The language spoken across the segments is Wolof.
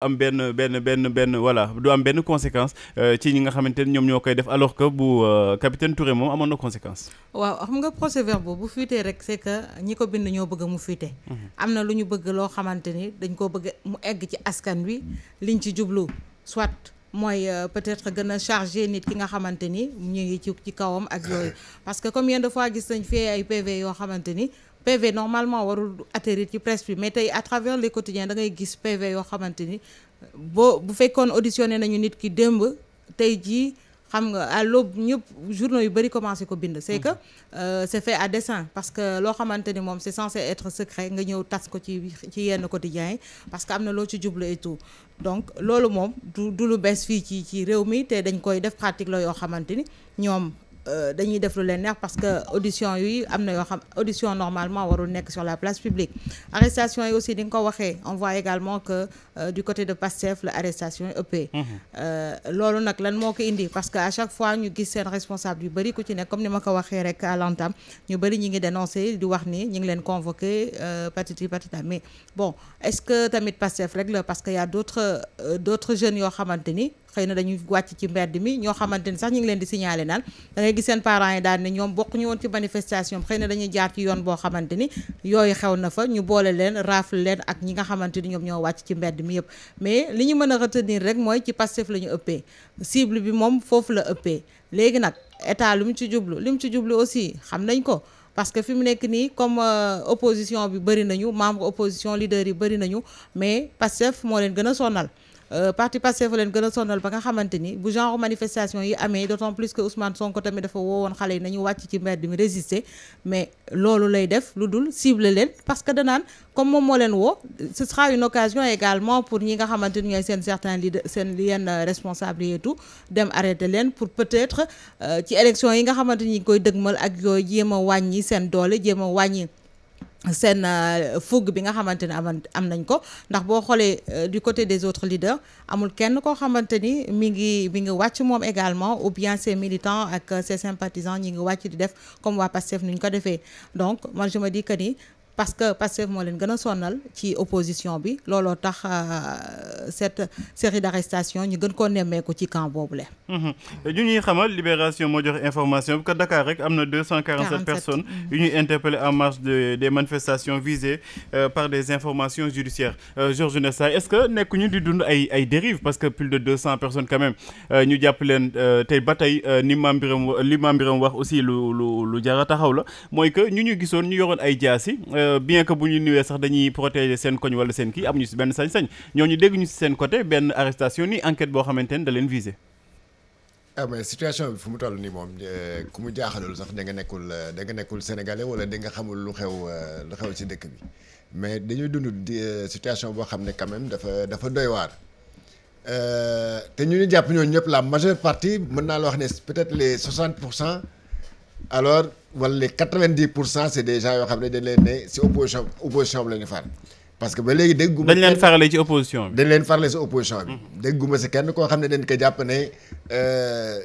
am benn benn benn benn voilà du am benn conséquence euh, ci ñi nga xamante ni ñoom ñoo koy def alors que bu euh, capitaine Touré moom amoon na conséquence. waaw xam nga procès verbal bu fuitee rek c'est ñi ko bind ñoo bëgg mu fuite. Mhm. am na lu ñu bëgg loo xamante ni dañ koo bëgg mu egg ci askan bi mhm. liñ ci jublu soit. mooy euh, peut-être gën a chargé nit ki nga xamante ni ñu ngi ci ci kawam ak yooyu parce que combien de fois gis nañ fee ay PV yoo xamante ni PV normalement warul atterrir ci presse bi mais tey à travers les quotidiens da ngay gis PV yoo xamante ni boo bu fekkoon auditionné nañu nit ki démb tey jii xam nga à l'aube ñëpp journaux yu bëri commencé ko bind c'est que euh, c'est fait à dessein parce que loo xamante ni moom c'est censé être secret nga ñëw tas ko ci ci yenn quotidiens yi parce que am na loo ci jublu et donc loolu moom du du lu bees fii ci ci réew mi te dañ koy def pratique la yoo xamante ni ñoom Euh, dañuy def lu leen neex parce que audition yi am na yoo xam audition normalement warul nekk sur la place publique arrestation yi aussi di nga ko waxee on voit également que euh, du côté de Pastef la arrestation yi ëppee mhm. euh, loolu nag lan moo ko indi parce que à chaque fois ñu gis seen responsable yu bëri ku ci nekk comme ni ma ko waxee rek à l'entame ñu bëri ñi ngi dénoncé di wax ni ñi ngi leen convoqué patiti patita mais bon est-ce que tamit Pastef a xëy na dañuy wàcc ci mbedd mi ñoo xamante ni sax ñu ngi leen di signaler naan da ngay gis seen parents yi daal ne ñoom bokk ñu woon ci manifestation xëy na dañuy jaar ci yoon boo xamante ni yooyu xew na fa ñu boole leen raafle leen ak ñi nga xamante ni ñoom ñoo wàcc ci mbedd mi yëpp mais li ñu mën a retenir rek mooy ci Pastef la ñu ëppee cible bi moom foofu la ëppee léegi nag état lu mu ci jublu li mu ci jublu aussi xam nañ ko parce que fi mu nekk nii comme euh, opposition bi bëri nañu membre opposition leader yi bëri nañu mais Pastef moo leen gën a sonal Euh, parti Pastef leen gën a sonal ba nga xamante ni bu genre manifestation yi amee d'autant plus que Ousmane Sonko tamit dafa woowoon xale yi nañu wàcc ci mbedd mi résister mais loolu lay def lu dul cible leen parce que danaan comme moom moo leen woo ce sera une occasion également pour ñi nga xamante ni ñooy seen certains leaders seen yenn responsables et tout dem arrêter leen pour peut-être euh, ci élection yi nga xamante ni koy dëgmal ak yooyu jéem a wàññi seen doole jéem a wàññi seen euh, fugg bi nga xamante ne am am nañ ko ndax boo xoolee euh, du côté des autres leaders amul kenn koo xamante ni mi ngi mi ngi wàcc moom également ou bien ses militants ak euh, ses sympathisants ñi ngi wàcc di def comme waa Pastef ni ñu ko defee donc man je parce que Pastef moo leen gën a sonnal ci opposition bi looloo tax euh, cette série d'arrestation ñu gën koo nemmeeku ci camp boobule. Mhm. ñu ñuy xamal Libération moo joxe information bi que Dakar rek am na 247 personnes mhm. yu ñuy interpellé en marge de des manifestations euh, par des informations judiciaires euh, Georges Nessa est-ce que nekk ñu di dund ay ay dérives parce que plus de 200 personnes quand ñu jàpp leen tey ba tey ni Mambiram li Mambiram wax aussi lu lu lu jara taxaw la mooy que ñu ñu gisoon ñu yoroon ay jaasi. bien que bu ñu nuwee sax dañuy protéger seen koñ wala seen kii amuñu si benn sañ-sañ ñooñu dégg ñu si seen côté benn arrestation ni enquête boo xamante ne da leen visé. ah mais situation bi fu mu toll nii moom eh, ku mu jaaxalul sax da nga nekkul eh, da nga nekkul sénégalais wala da nga xamul lu xew eh, lu xew ci dëkk bi mais dañuy dund situation boo xam ne quand même dafa dafa doy waar. te ñu ñu jàpp ñooñu ñëpp la majeure partie mën naa la wax ne peut-être les 60 pour cent. alors wala les quatre-vingt-dix pour cent c'est des gens yoo xam ne dañ leen ne si opposition bi la ñu parce que ba léegi dégguma dañ leen farale leen farale si opposition bi. Mm-hmm. dégguma si kenn koo xam ne dañ ko jàpp ne euh,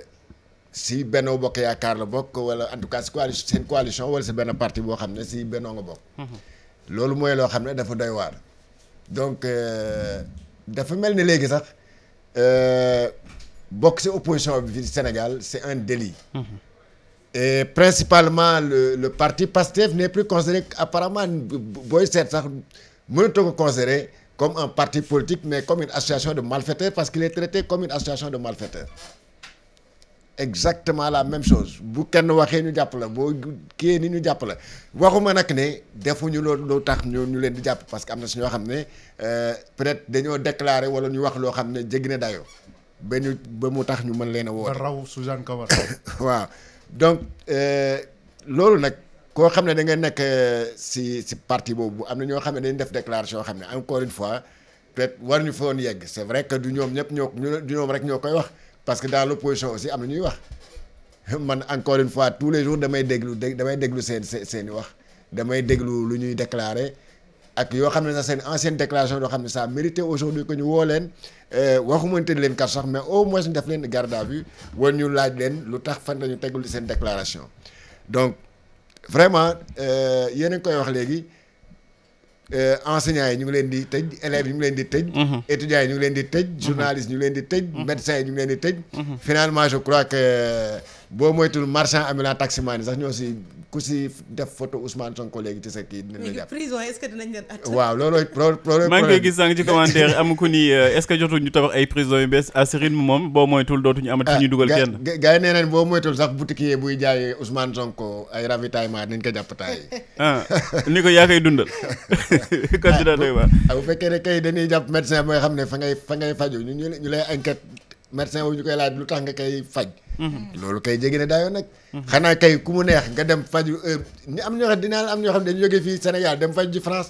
si Benno Bokk Yaakaar la bokk wala en tout cas si coalition seen coalition wala si benn parti boo xam ne si Benno nga bokk. Mm-hmm. loolu mooy loo xam ne dafa doy waar. donc euh, dafa mel ni léegi sax euh, bokk si opposition bi fii Sénégal c'est un délit. Mm-hmm. et principalement le le parti Pastef n'est plus considéré apparemment booy seet sax mënatoo ko considérer comme un parti politique mais comme une association de malfaiteurs parce qu'il est traité comme une association de malfaiteurs exactement la même chose bu kenn waxee ñu jàpp la boo kii ni ñu jàpp la waxuma nag ne defuñu loolu loo tax ñu ñu leen di jàpp parce que am na si ñoo xam ne euh, peut-être dañoo déclarer wala ñu wax loo xam ne jéggi na dayoo ba ñu ba mu tax ñu mën leen a woote. raw Suzanne Camara waaw. donc euh, loolu nag koo xam ne da nga nekk euh, si si parti boobu am na ñoo xam ne dañu def déclaration yoo xam ne encore une fois peut war ñu fa woon yegg c'est vrai que du ñoom ñëpp ñoo du ñoom rek ñoo koy wax parce que dans l'opposition aussi am na ñuy wax man encore une fois tous les jours damay déglu damay déglu seen seen i wax damay déglu lu ñuy déclarer ak yoo xam ne sax seen ancienne déclaration yoo xam ne ça mérité aujourd'hui que ñu woo leen euh, waxuma tëdd leen kat sax mais au mois ñu def leen garde à vue ñu laaj leen lu tax fan la ñu tegul seen déclaration donc vraiment euh, yéen a ngi koy wax léegi euh, enseignants yi ñu ngi leen di tëj élèves yi ñu ngi leen di tëj. Mhm. étudiants yi ñu ngi leen di tëj. Mhm. journalistes ñu leen di tëj. Mhm. médecins yi ñu ngi leen di tëj. finalement je crois que. boo moytul marchand ambulant taximan yi sax ñoo si ku si def photo Ousmane Sonko léegi ci sa kii dinañ la jàpp prison est waaw loolooy problème maa koy gis sànq ci commentaire am ku ni euh, est-ce que jotuñu tabax ay prison yu bees à ce rythme moom boo moytul dootuñu amati fu ñuy dugal ah, kenn gars yi nee nañ boo moytul sax boutiquier buy jaay Ousmane Sonko ay ravitaillement nañ ko jàpp taay yi ah ni ko yaa koy dundal candidat doy waa bu fekkee ne kay dañuy jàpp médecin mooy xam ne fa ngay fa ngay faju ñu ñu lay médecin wu ñu koy laaj lu tax nga koy faj. Mhm. loolu kay jege ne daayoon nag. xanaa kay ku mu neex nga dem faju ni am ñoo xam dinaa am ñoo xam dañu jógee fii Sénégal dem faj ji France.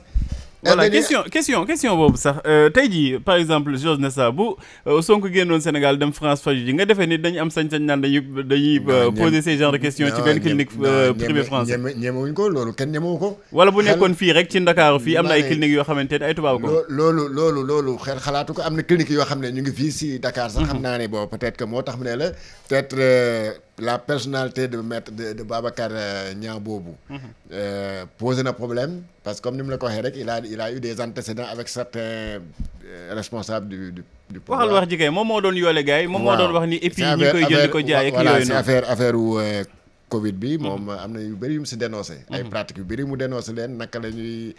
voilà question question question boobu sax euh, tey jii par exemple Georges Nessa bu euh, Sonko génnoon Sénégal dem France faju ji nga defee ni dañu am sañ-sañ naan dañuy dañuy euh, poser ces genre de questions ci benn clinique privée française ñemewuñ ko loolu kenn ñemewu ko wala bu nekkoon fii rek ci Ndakaaru fii am na ay cliniques yoo xamante ne ay tubaab ko loolu loolu loolu xel xalaatu ko am na clinique yoo xam ne ñu ngi fii si Dakar sax mhm. xam naa ne bon peut-être tax ne la peut-être la personnalité de maître de, de Babacar euh, Niang boobu. Mm-hmm. Euh, pose na problème parce que comme ni mu la ko waxee rek il a il a eu des antécédents avec certains euh, responsables du du du. waxal wax ji moom moo doon yoole gars yi. moom moo doon wax ni et puis koy jël di ko jaay ak yooyu noonu affaire bi. Mm-hmm. moom am na yu bëri yu mu si dénoncé. ay mm-hmm. pratiques yu bëri mu dénoncé leen naka la ñuy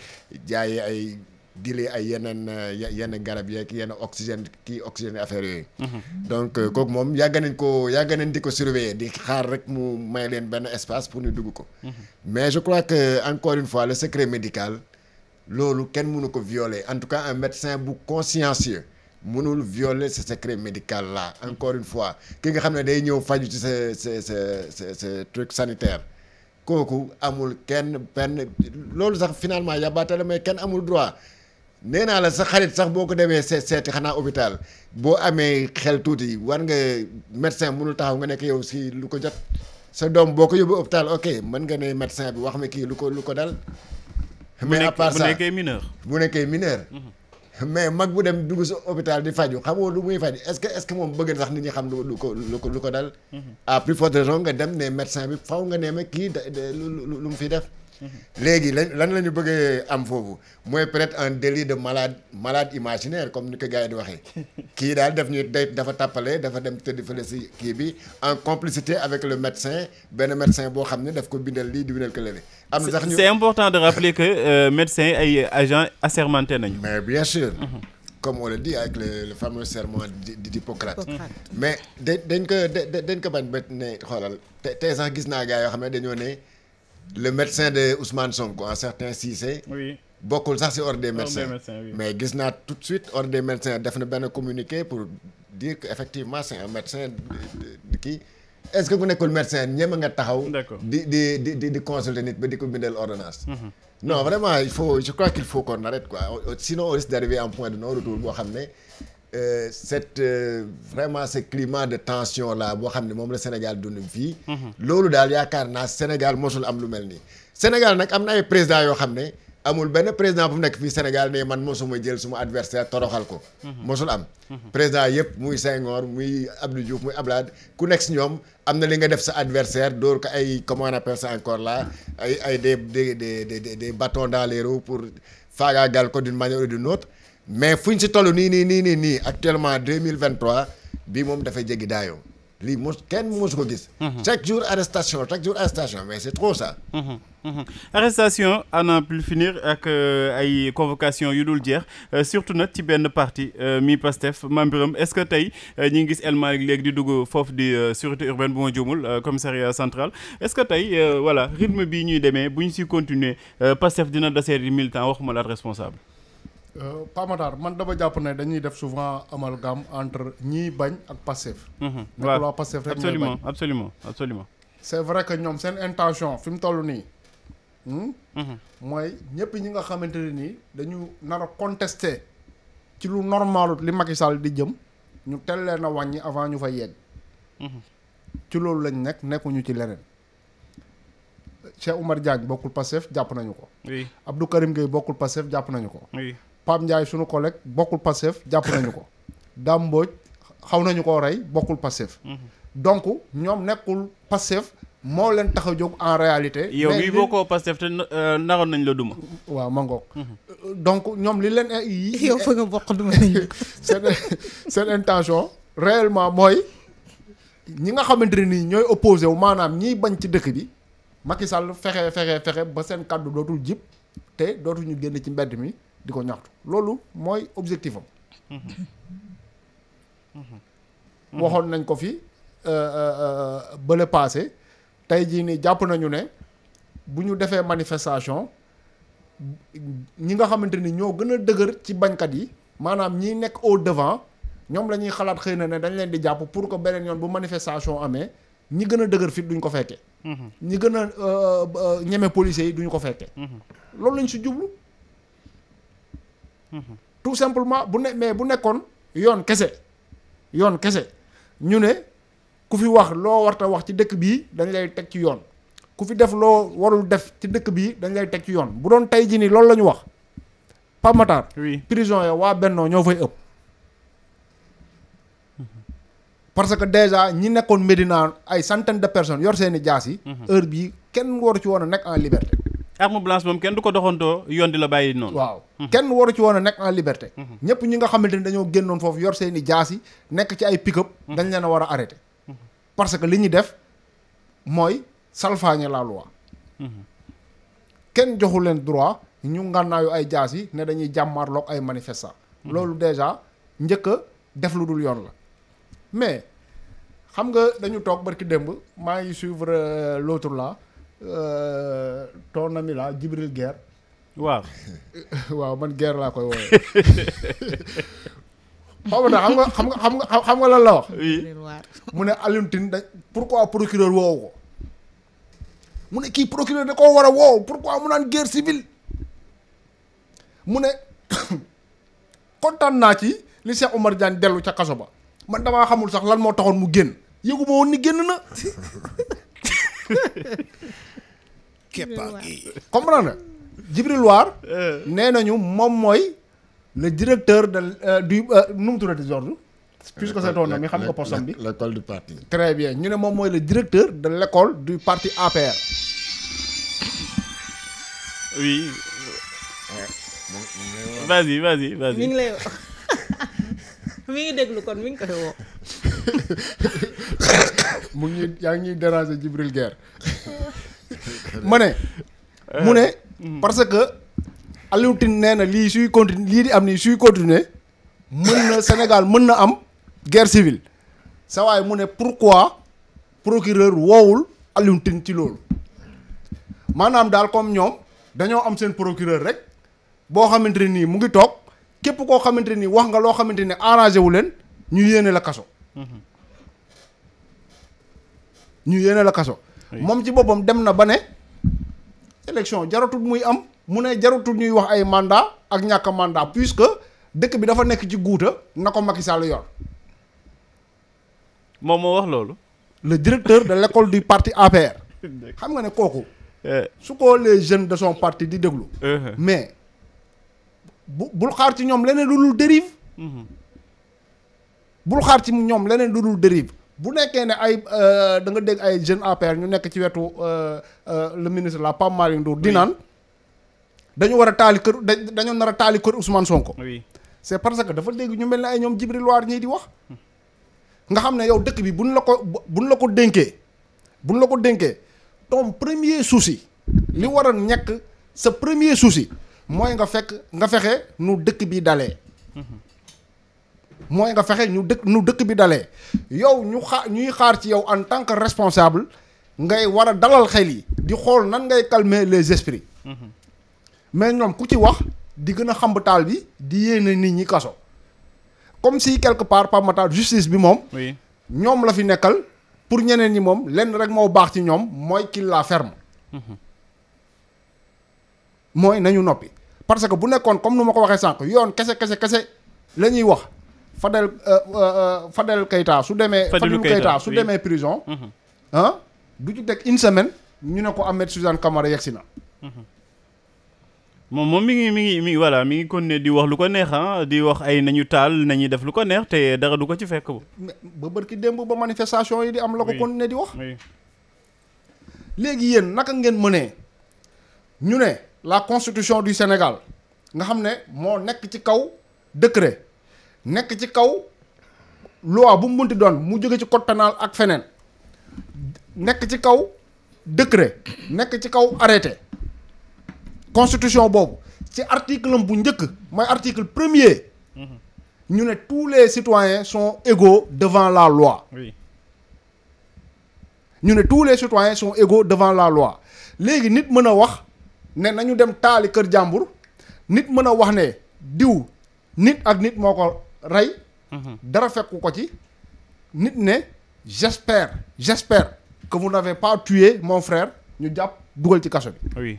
jaayee ay. di lee ay yeneen euh, yenn garab yeeg yenn oxygène kii oxygène affaire yooyu. Mhm. donc euh, kooku moom yàgg nañ ko yàgg nañ di ko surveiller di xaar rek mu may leen benn espace pour ñu dugg ko. Mhm. mais je crois que encore une fois le secret médical loolu kenn mënu ko violer en tout cas un médecin bu consciencieux mënul violer si secret médical la encore une fois ki nga xam ne day ñëw faju ci sa sa sa sa sanitaire. kooku amul kenn benn loolu sax finalement yabaatale mais kenn amul droit nee naa la sa xarit sax boo ko demee seet seeti xanaa hôpital boo amee xel tuuti war nga médecin mënul taxaw nga nekk yow si lu ko jot sa doom boo ko yóbbu hôpital ok mën nga ne médecin bi wax ma kii lu ko lu ko dal. mais à part ça nekkee mineur. bu nekkee mineur. Mhm. mais mag bu dem dugg sa hôpital di faju xam nga lu muy faju est est moom bëgg na sax nit ñi xam lu ko lu ko lu ko dal. Mhm. à plus forte raison nga dem ne médecin bi faw nga ne ma kii lu lu mu fi def. léegi lan la ñu bëggee am foofu mooy peut-être un délit de malade malade imaginaire comme ni ko gars yi di waxee kii daal daf ñuy day dafa tàppale dafa dem tëdd si kii bi en complicité avec le médecin benn médecin boo xam ne daf ko bindal lii di bindal ko sax ñu c'est important de rappeler que euh, médecin ay agent assermenté nañu mais bien sûr mm-hmm. comme on le dit avec le, le fameux serment d'Hippocrate mais dañ ko dañ ko bañ ba ne xoolal te tey sax gis naa gars yoo xam ne dañoo le médecin de Ousmane Sonko un certain Cissé. oui bokkul sax ci ordre des mais gis naa tout de suite ordre des def na benn communiqué pour dire que effectivement c'est un médecin kii. est-ce que bu nekkul médecin ñema nga taxaw. di di di di di consulter nit ba di ko bindal ordonnance. Mhm. non vraiment il faut je crois qu'il faut qu'on arrête quoi sinon on risque d'arriver à point de non retour boo xam ne. Euh, cette euh, vraiment ce climat de tension là boo xam ne moom la Sénégal dund fii. Mhm. loolu daal yaakaar naa Sénégal mosul am lu mel nii. Sénégal nag am na ay président yoo xam ne amul benn président bu nekk fii Sénégal ne man mosuma jël suma adversaire toroxal ko. Mhm. mosul am. Mhm. président yëpp muy Senghor muy Abdou Diouf muy Ablaye ku nekk si ñoom am na li nga def sa adversaire dóor ko ay comment on appelle ça encore là ay ay des des des des bâtons dans pour faagaagal mais fu ñu si toll nii nii nii nii nii actuellement deux mille vingt trois moom dafay jéggi daayoo lii mos kenn mosu ko gis. Mhm. chaque jour arrestation chaque jour arrestation mais c'est trop ça. Mhm, mhm. arrestation à n'en plus finir ak euh, ay convocation yu dul jeex euh, surtout nag ci benn parti euh, mi Pastef Mame Birame est-ce que tey ñu ngi gis El Malick léegi di dugg foofu di sûreté urbaine bu ma juumul commissariat central est-ce que tey voilà rythme bii ñuy demee bu ñu si continuer Pastef dina daseer yi militant waxuma la responsable. Euh, Pamatar man dama jàpp ne dañuy def souvent amalgame entre ñiy bañ ak Pastef. Mhm. waaw waa Pastef rek ñooy bañ absolument absolument c'est vrai que ñoom seen intention fi tollu toll nii. Hmm, mhm. mooy ñëpp ñi nga xamante ne nii dañu nar a contester ci lu normalut li Macky Sall di jëm ñu teel leen a wàññi avant ñu fa yegg. Mhm. ci loolu lañ nekk nekkuñu ci leneen. Cheikh Oumar Diagne bokkul Pastef jàpp nañu ko. oui Abdou bokkul Pastef jàpp nañu ko. Pape Ndiaye suñu collègue bokkul Pastef jàpp nañu ko Dame xaw nañu koo rey bokkul Pastef donc ñoom nekkul Pastef moo leen tax a jóg en réalité. yow mii ko Pastef te euh, naroon nañ la duma. waaw ma ngoog. Mhm. Euh, donc ñoom li leen eh, yi yow fa nga bokk duma nañ seen seen intention réellement mooy ñi nga xamante ne nii ñooy opposé wu maanaam ñiy bañ ci dëkk bi Macky Sall fexe fexe fexe ba seen kàddu dootul jib te dootuñu génn ci mbedd mi. di ko ñaxtu loolu mooy objectif am. Mm-hmm. waxoon nañ ko fi euh, euh, euh, bële paase tey jii nii jàpp nañu ne bu ñu defee manifestation ñi nga xamante ni ñoo gën a dëgër ci bañkat yi maanaam ñiy nekk au devant ñoom la ñuy xalaat xëy na ne dañ leen di jàpp pour que beneen yoon bu manifestation amee ñi gën a dëgër fit duñ ko fekkee. Mm-hmm. ñi gën a ñeme policiers yi duñ ko fekkee. Mm-hmm. loolu lañ si jublu. tout simplement bu ne bu nekkoon yoon kese yoon kese ñu ne ku fi wax loo warta wax ci dëkk bii dañ lay teg ci yoon ku fi def loo warul def ci dëkk bii dañ lay teg ci yoon bu doon tey jii nii loolu la ñu wax Pape Matar waa Bennoo ñoo fay ëpp parce que déjà ñi nekkoon Médina ay centaine de personnes yor seeni jaas yi mhm. heure bii kenn waru ci woon a nekk en liberté arme blanche moom kenn du ko doxantoo yoon di la bàyyi noonu. waaw mhm. kenn waru ci woon a nekk en liberté. Mhm. ñëpp ñi nga xamante ni dañoo génnoon foofu yor seen i jaas yi nekk ci ay pick-up. Mhm. dañ leen a war a arrêté. parce que li ñuy def mooy salfaañe la loi. kenn joxu leen droit ñu ngànnaayu ay jaas yi ne dañuy jàmmaarloog ay manifestants. loolu déjà njëkk a def lu dul yoon la mais xam nga dañu toog barki démb maa ngi suivre euh, l'autre là. Euh, ton na la Jibril Guèye. waaw. waaw man Guèye laa koy woowee. xaw ma xam nga xam nga xam nga xam nga lan la wax. mu ne Alioune Tine da pourquoi procureur woowu ko. mu ne kii procureur da koo war a woow pourquoi mu naan guerre civile. mu ne kontaan naa ci li Cheikh Omar dellu ca kaso ba man damaa xamul sax lan moo taxoon mu génn yëgu ma woon ni génn na. keppa gi comprendre Djibril War euh. nee nañu moom mooy la directeur de euh, du euh, nu mu tuddati Georges puisque sa doon na mi xam nga postam bi l'école du parti très bien ñu ne moom mooy le directeur de l'école du parti affaire oui vas-y vas mi ngi lay mi ngi déglu kon mi ngi koy woo mu ngi yaa ngi ñuy déranger Jibril Guère ma ne mu ne parce que Alioune Tine nee na lii suy continue lii di am nii suy continuer mën na Sénégal mën na am guerre civile sa waay mu ne pourquoi procureur woowul Alioune ci loolu maanaam daal comme ñoom dañoo am seen procureur rek boo xamante ne nii mu ngi toog képp koo xamante ni wax nga loo xamante ni arrangé wu leen ñu yéene la kaso mm-hmm. ñu yéene la kaso moom ci boppam dem na ba ne élection jaratul muy am mu ne jaratul ñuy wax ay mandat ak ñàkk mandat puisque dëkk bi dafa nekk ci guuta na ko Macky Sall moom moo wax loolu le directeur de l'école du parti APR xam nga ne kooku eh. su ko les jeunes de son parti di déglu uh-huh. mais bu bul xaar ci ñoom leneen lu dul dérive mm-hmm. bul xaar ci ñoom leneen lu dul dérive bu nekkee ne ay euh, da nga dégg ay jeune APR ñu nekk ci wetu euh, euh, le ministre la Pape Malick Ndour di naan dañu war a taali kër dañoo nar a taali kër Ousmane Sonko. oui c'est parce que dafa léegi ñu mel ne ay ñoom Djibril War ñii di wax. nga xam ne yow dëkk bi buñ la ko buñ la ko dénkee buñ la ko dénkee ton premier souci li war a ñekk sa premier souci mooy nga fekk nga fexe nu dëkk bi dalee. Mhm. mooy nga fexe ñu dëkk ñu dëkk bi dalee yow ñu xaar ñuy xaar ci yow en tant que responsable ngay war a dalal xel yi di xool nan ngay calmer les esprits mhm. mais ñoom ku ci wax di gën a xamb taal bi di yéene nit ñi kaso comme si quelque part par justice bi moom ñoom la fi nekkal pour ñeneen yi moom lenn rek moo baax ci ñoom mooy qu'il la ferme mhm. mooy nañu noppi parce que bu nekkoon comme nu ma ko waxee sànq yoon kese kese kese la ñuy wax Fadel euh, euh, euh, Fadel Keita su demee. Fadilou Keita su demee prison. Mhm. ah du ci teg une semaine ñu ne ko Ahmed Suzanne Camara yegsi na. Mhm. moom moom mi ngi mi ngi mi ngi voilà mi ngi kon continuer di wax lu ko neex ah di wax ay nañu taal nañuy def lu ko neex te dara du ko ci fekk. ba ki démb ba manifestation yi di am. la ko continuer di wax. léegi yéen naka ngeen mënee ñu ne la constitution du Sénégal nga xam ne moo nekk ci kaw décret nekk ci kaw loi bu mu munti doon mu jóge ci code pénal ak feneen nekk ci kaw décret nekk ci kaw arrêté constitution boobu ci article am bu njëkk mooy article premier ñu ne tous les citoyens sont égaux devant la loi oui. ñu ne tous les citoyens sont égaux devant la loi léegi nit mën a wax ne nañu dem taali kër jàmbur nit mën a wax ne diw nit ak nit moo ko rey mhm. dara fekku ko ci nit ne j'espère j'espère que vous n'avez pas tué mon frère ñu jàpp dugal ci kaso bi oui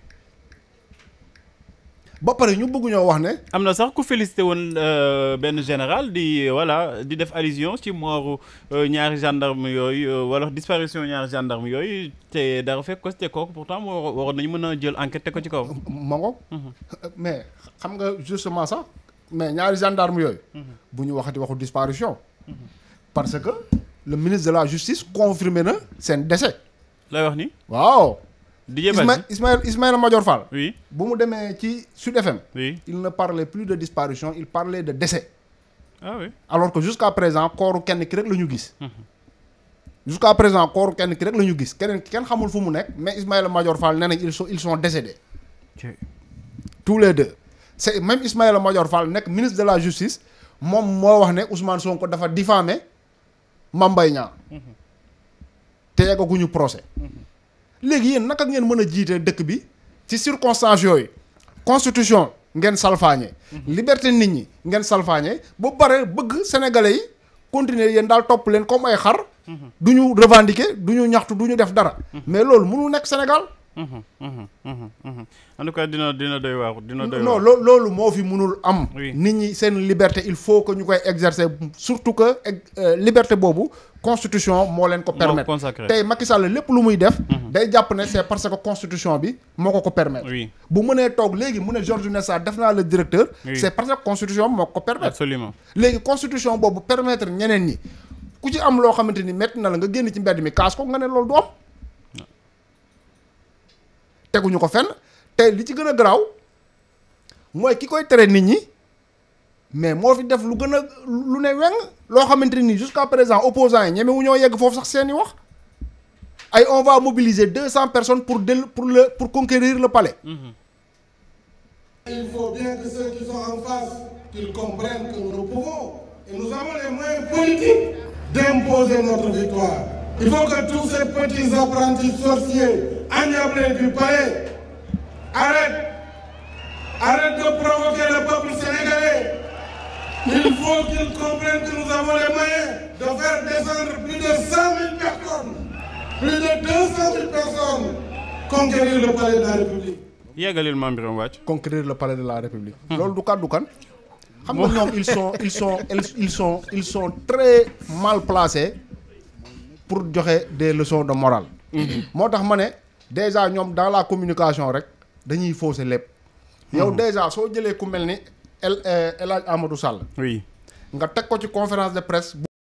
ba pare ñu bëgguñoo wax ne. am na sax ku félicité woon euh, benn général di euh, voilà di def allusion ci mooru euh, ñaari gendarme yooyu wala disparition ñaari gendarme yooyu te dara fekk ko te kooku pourtant waroon nañu mën a jël enquête te ko ci kaw. ma mhm. mais xam nga justement sax mais ñaari gendarme yooyu. bu ñu waxati waxu disparition. parce que le ministre de la justice confirmé na seen décès. lay wax ni waaw. Didier Badji Ismaïla Ismaïla Madior Fall. oui bu mu demee ci Sud FM. oui il ne parlait plus de disparition il parlait de décès. ah oui alors que jusqu'à présent kooru kenn ki rek la ñu gis. Mhm. jusqu'à présent kooru kenn ki rek la ñu gis keneen kenn xamul fu mu nekk mais Ismaïla Madior Fall nee nañ ils sont ils sont décédés. tous les deux. c'est même Ismaïla Madior Fall nekk ministre de la justice moom moo wax ne Ousmane ko dafa diffamé Mame Mbaye Niang te yeggaguñu procès léegi yéen naka ngeen mën a jiite dëkk bi ci circonstances yooyu constitution ngeen salfaañe liberté nit ñi ngeen salfaañe ba pare bëgg sénégalais yi continuer yéen daal topp leen comme ay xar mhm. du ñu revendiquer du ñu ñaxtu du ñu def dara mhm. mais loolu mënul nekk Sénégal Mhm, mhm, mhm, en tout cas dina dina doy waaw dina doy non loo loolu moo fi mënul am nit ñi seen liberté il faut que ñu koy exercer surtout que euh, liberté boobu constitution moo leen ko permettre tey Macky Sall lépp lu muy def day jàpp ne c'est parce que constitution bi moo ko ko permettre bu mënee toog léegi mu ne Georges Nessa def naa le directeur c'est parce que constitution bi moo ko permettre absolument léegi constitution boobu permettre ñeneen ñi ku ci am loo xamante ni métti na la nga génn ci mbedd mi kaas ko nga ne loolu du teguñu ko fenn te li ci gën a garaaw mooy ki koy tere nit ñi mais moo fi def lu gën a lu ne weng loo xamante ni jusqu'à présent opposants yi ñeme ñoo yegg foofu sax seeni wax ay on mobiliser deux cent personnes pour dél pour le pour conquérir la palais. Mmh. il faut bien que ceux qui sont en face qu'ils comprennent que nous pouvons et nous avons les moyens politiques d'imposer notre victoire. il faut que tous ces petits apprentis sorciers endiablé du palais arrête arrête de provoquer le peuple sénégalais il faut qu'ils comprennent que nous avons les de faire descendre plus de 100 000 plus de 200 000 personnes conquérir de la République. yeggalil maam de la République. Hmm. loolu du kàddu kan. xam nga ñoom ils sont ils sont ils sont très mal placés pour joxe des leçons de morale. Hmm. moo tax ma ne. déjà ñoom dans la communication rek dañuy fausser lépp. yow hmm. déjà soo jëlee ku mel ni El euh, El Hadj Amadou Sall. oui nga teg ko ci conférence de presse.